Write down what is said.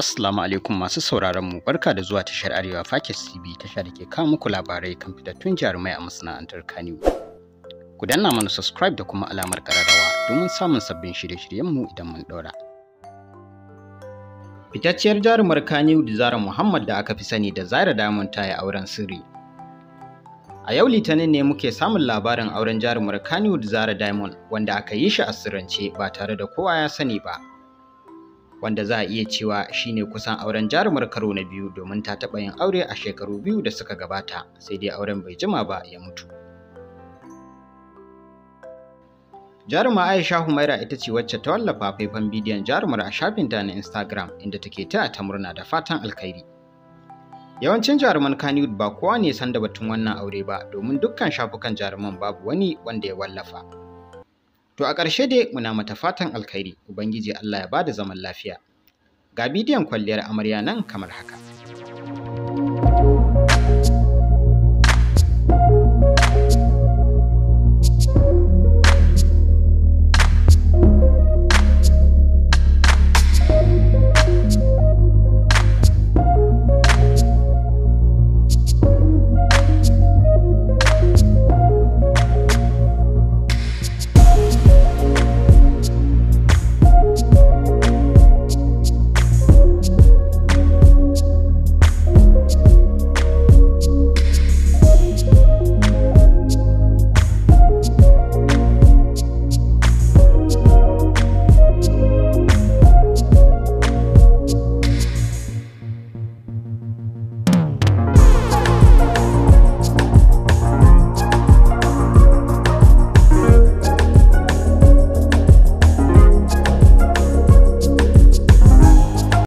Assalamu alaikum masu sauraron mu barka da zuwa tashar Arewa Fakis TV tasha da ke kawo muku labarai kan fitattun jarumai a masana'antar Kano. Ku danna mana subscribe da kuma alamar kararrawa domin samun sabbin shirye-shiryen mu idan mun daura. Fitacciyar jarumar Kano da Zara Muhammad da aka fi sani da Zara Diamond ta yi auren sirri. A yau Litinin ne muke samun labarin auren jarumar Kano da Zara Diamond wanda aka yi shi a sirrance ba tare da kowa ya sani ba. wanda za a iya cewa shi ne kusan auren jarumar karo na biyu domin ta taɓa yin aure a shekaru biyu da suka gabata sai dai auren bai jima ba ya mutu. Jaruma Aisha Humaira ita ce wacce ta wallafa faifan bidiyon jarumar a shafinta na Instagram inda take taya ta murna da fatan alkhairi. Yawancin jaruman Kannywood ba kowa ne san da batun wannan aure ba domin dukkan shafukan jaruman babu wani wanda ya wallafa. To a ƙarshe dai muna mata fatan alkhairi Ubangiji Allah ya bada zaman lafiya. Ga bidiyon kwalliyar amarya nan kamar haka.